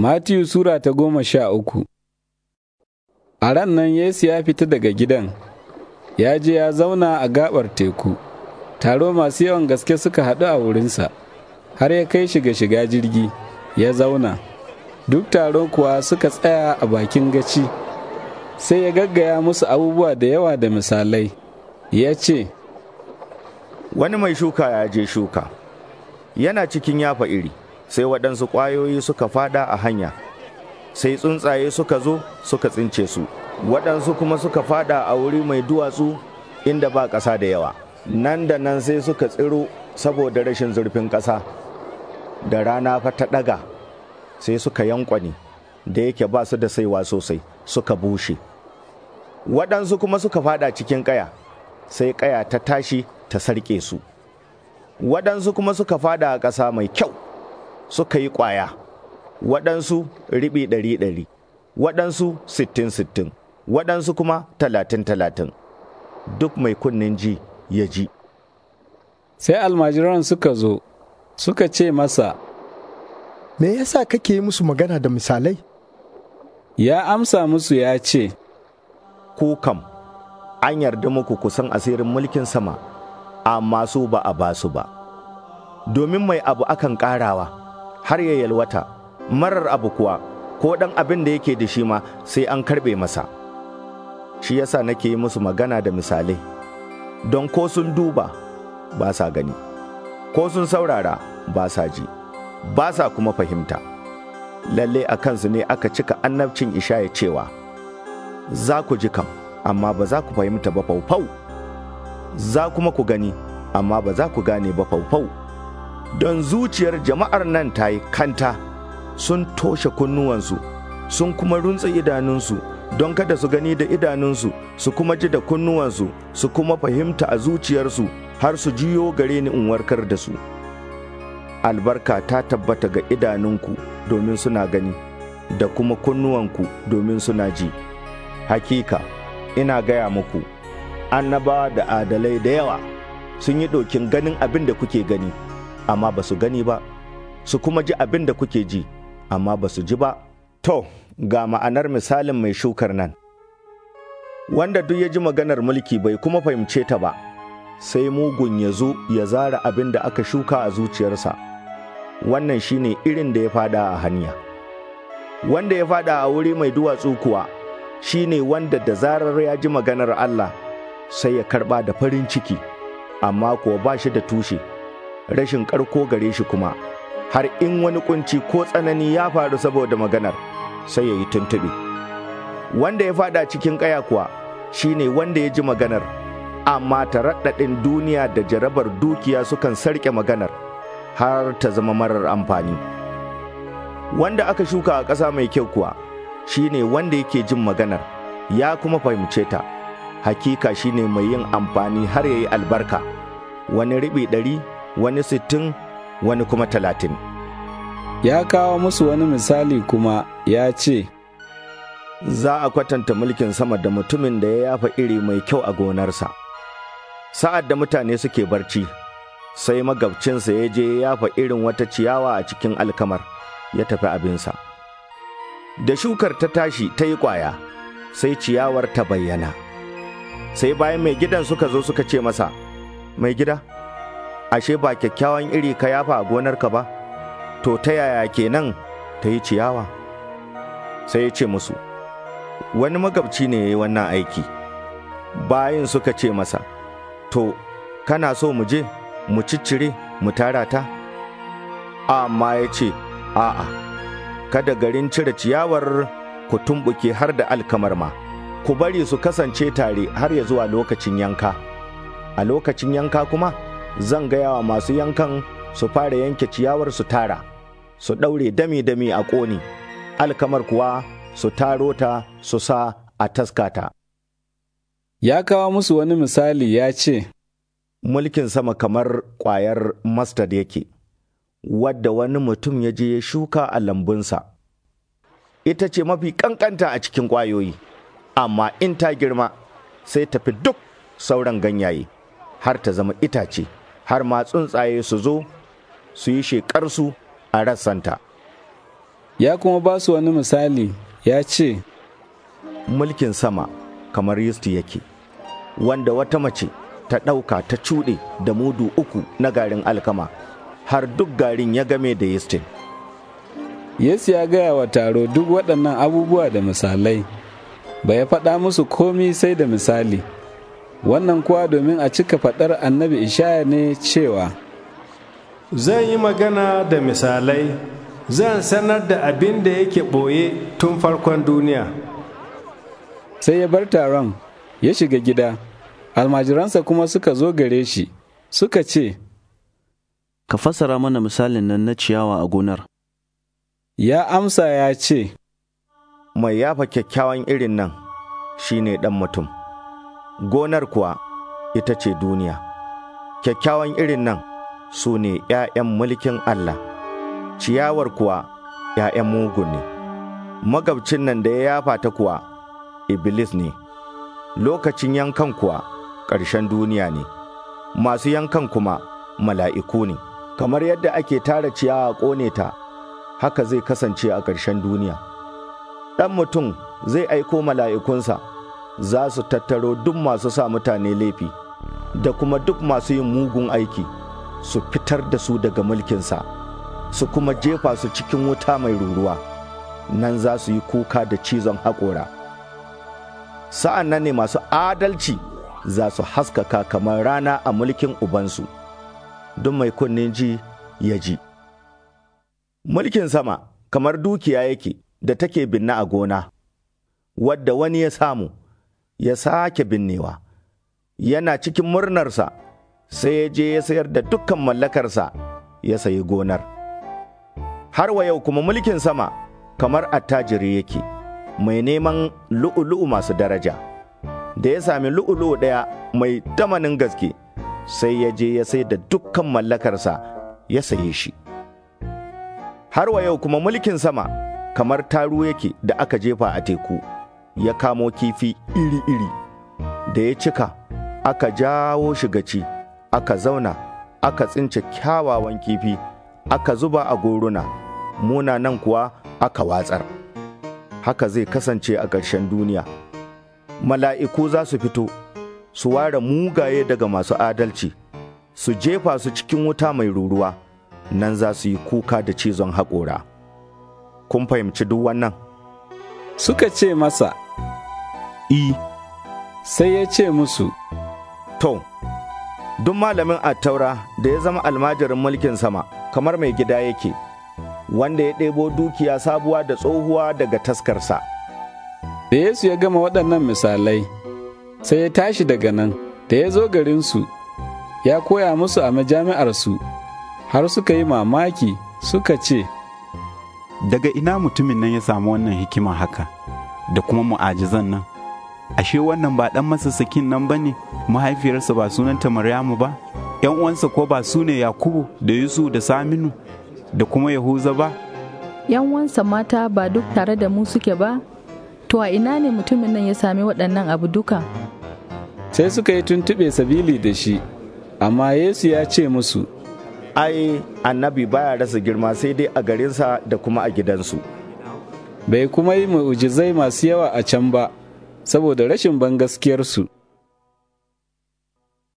Matiyu Sura ta goma sha uku A ran nan Yesu ya fita daga gidan, ya je ya zauna a gabar teku, taro masu yawan gaske suka haɗu a wurinsa, har ya kai shiga shiga jirgi, ya zauna. Duk taron kuwa suka tsaya a bakin gaci, sai ya gaggaya musu abubuwa da yawa da misalai, ya ce, Wani mai shuka ya je shuka, yana cikin yafa iri. sai waɗansu ƙwayoyi suka fada a hanya sai tsuntsaye suka zo suka tsince su waɗansu kuma suka fada a wuri mai duwatsu inda ba ƙasa da yawa nan da nan sai suka tsiro saboda rashin zurfin ƙasa da rana fa ta ɗaga sai suka yankwani da yake ba su da saiwa sosai suka bushe waɗansu kuma suka fada cikin ƙaya sai ƙaya ta tashi ta sarƙe su waɗansu kuma suka fada a ƙasa mai kyau suka yi ƙwaya waɗansu riɓi ɗari ɗari waɗansu sittin sittin waɗansu kuma talatin talatin duk mai kunnen ji ya ji sai almajiran suka zo suka ce masa me yasa kake yi musu magana da misalai ya amsa musu ya ce ku kam an yarda muku kusan asirin mulkin sama amma su ba a basu ba domin mai abu akan karawa. har ya yalwata marar abu kuwa ko ɗan abin da yake da shi ma sai an karɓe masa shi yasa nake yi musu magana da misalai don ko sun duba ba sa gani ko sun saurara ba sa ji ba sa kuma fahimta lalle a kansu ne aka cika annabcin ishaya cewa za ku ji kam amma ba za ku fahimta ba faufau za kuma ku gani amma ba za ku gane ba faufau don zuciyar jama'ar nan ta yi kanta sun toshe kunnuwansu sun kuma runtse idanunsu don kada su gani da idanunsu su kuma ji da kunnuwansu su kuma fahimta a zuciyarsu har su juyo gare ni in warkar da su albarka ta tabbata ga idanunku domin suna gani da kuma kunnuwanku domin suna ji hakika ina gaya muku annabawa da adalai da yawa sun yi dokin ganin abin da kuke gani amma ba su gani ba, su kuma ji abin da kuke ji, amma ba su ji ba. To, ga ma'anar misalin mai shukar nan. Wanda duk ya ji maganar mulki bai kuma fahimce ta ba, sai mugun ya zo ya zara abin da aka shuka a zuciyarsa. Wannan shine irin da ya fada a hanya. Wanda ya fada a wuri mai duwatsu kuwa, shine wanda da zarar ya ji maganar Allah sai ya karba da farin ciki, amma kuwa ba shi da tushe. rashin karko gare shi kuma har in wani kunci ko tsanani ya faru saboda maganar sai ya yi tuntuɓe wanda ya fada cikin ƙaya kuwa shine wanda ya ji maganar amma ta raɗaɗin duniya da jarabar dukiya sukan sarƙe maganar har ta zama marar amfani wanda aka shuka a ƙasa mai kyau kuwa shine wanda yake jin maganar ya kuma fahimce ta hakika shine mai yin amfani har ya yi albarka wani riɓi ɗari wani sittin wani kuma talatin. Ya kawo musu wani misali kuma ya ce, Za a kwatanta mulkin sama da mutumin da ya yafa iri mai kyau a gonarsa. Sa'ad da mutane suke barci, sai magabcinsa ya je ya yafa irin wata ciyawa a cikin alkamar, ya tafi abinsa. Da shukar ta tashi ta yi ƙwaya, sai ciyawar ta bayyana. Sai bayan mai gidan suka zo suka ce masa, Mai gida?' ashe ba kyakkyawan iri ka yafa a gonarka ba, to ta yaya kenan ta yi ciyawa? Sai ya ce musu, wani magabci ne ya yi wannan aiki, bayan suka ce masa, to, kana so mu je, mu ciccire, mu tara ta? Amma ya ce, a'a, kada garin cire ciyawar ku tumbuke har da alkamar ma, ku bari su kasance tare har ya zuwa lokacin yanka. A lokacin yanka kuma, zan gaya wa masu yankan su fara yanke ciyawar su tara su ɗaure dami-dami a ƙoni alkamar kuwa su taro ta su sa a taskata ya kawo musu wani misali ya ce mulkin sama kamar ƙwayar mustard yake wadda wani mutum ya je ya shuka a lambunsa ita ce mafi kankanta a cikin ƙwayoyi amma in ta girma sai tafi duk sauran ganyaye har ta zama itace har ma tsuntsaye su zo su yi shekarsu a rassanta. Ya kuma ba su wani misali ya ce, Mulkin sama kamar yisti yake, wanda wata mace ta ɗauka ta cuɗe da mudu uku na garin alkama, har duk garin ya game da yistin. Yesu ya gaya wa taro duk waɗannan abubuwa da misalai, ba ya faɗa musu komi sai da misali. wannan kuwa domin a cika faɗar annabi ishaya ne cewa zan yi magana da misalai zan sanar da abin da yake ɓoye tun farkon duniya sai ya bar taron ya shiga gida almajiransa kuma suka zo gare shi suka ce ka fassara mana misalin nan na ciyawa a gonar ya amsa ya ce mai yafa kyakkyawan irin nan shine dan mutum gonar kuwa ita ce duniya. Kyakkyawan irin nan su ne ’ya'yan mulkin Allah, ciyawar kuwa ’ya'yan mugun ne, magabcin nan da ya yafa ta kuwa Iblis ne, lokacin yankan kuwa ƙarshen duniya ne, masu yankan kuma mala'iku ne, kamar yadda ake tara ciyawa ƙone ta, haka zai kasance a ƙarshen duniya. Ɗan mutum zai aiko mala'ikunsa. za su tattaro duk masu sa mutane laifi da kuma duk masu yin mugun aiki su fitar da su daga mulkinsa su kuma jefa su cikin wuta mai ruruwa nan za su yi kuka da cizon haƙora sa'an nan ne masu adalci za su haskaka kamar rana a mulkin ubansu don mai kunnen ji ya ji mulkin sama kamar dukiya yake da take binna a gona wadda wani ya samu ya sake binnewa yana cikin murnarsa sai ya je ya sayar da dukkan mallakarsa ya sayi gonar har wa yau kuma mulkin sama kamar attajiri yake mai neman lu'ulu'u masu daraja da ya sami lu'ulu'u ɗaya mai tamanin gaske sai ya je ya sayar da dukkan mallakarsa ya saye shi har wa yau kuma mulkin sama kamar taru yake da aka jefa a teku. ya kamo kifi iri-iri da ya cika aka jawo shi gaci aka zauna aka tsince kyawawan kifi aka zuba a goruna muna nan kuwa aka watsar haka zai kasance a ƙarshen duniya mala'iku za su fito su ware mugaye daga masu adalci su jefa su cikin wuta mai ruruwa nan za su yi kuka da cizon haƙora kun fahimci duk wannan Suka ce masa, I, sai ya ce musu, To, duk malamin attaura da ya zama almajirin mulkin sama, kamar mai gida yake, wanda ya ɗebo dukiya sabuwa da tsohuwa daga taskarsa. Da Yesu ya gama waɗannan misalai, sai ya tashi daga nan, da ya zo garinsu, ya koya musu a majami'arsu, har suka yi mamaki suka ce, daga ina mutumin nan ya samu wannan hikima haka da kuma mu'ajizan nan ashe wannan ba ɗan masassakin nan ba ne mahaifiyarsa ba sunanta maryamu ba ‘yan uwansa ko ba su ne yakubu da yusu da saminu da kuma yahuza ba ‘yan uwansa mata ba duk tare da mu suke ba to a ina ne mutumin nan ya sami waɗannan abu duka sai suka yi tuntuɓe sabili da shi amma yesu ya ce musu ai annabi baya rasa girma sai dai a garinsa da kuma a gidansu bai kuma yi mu'ujizai masu yawa a can ba saboda rashin ban bangaskiyarsu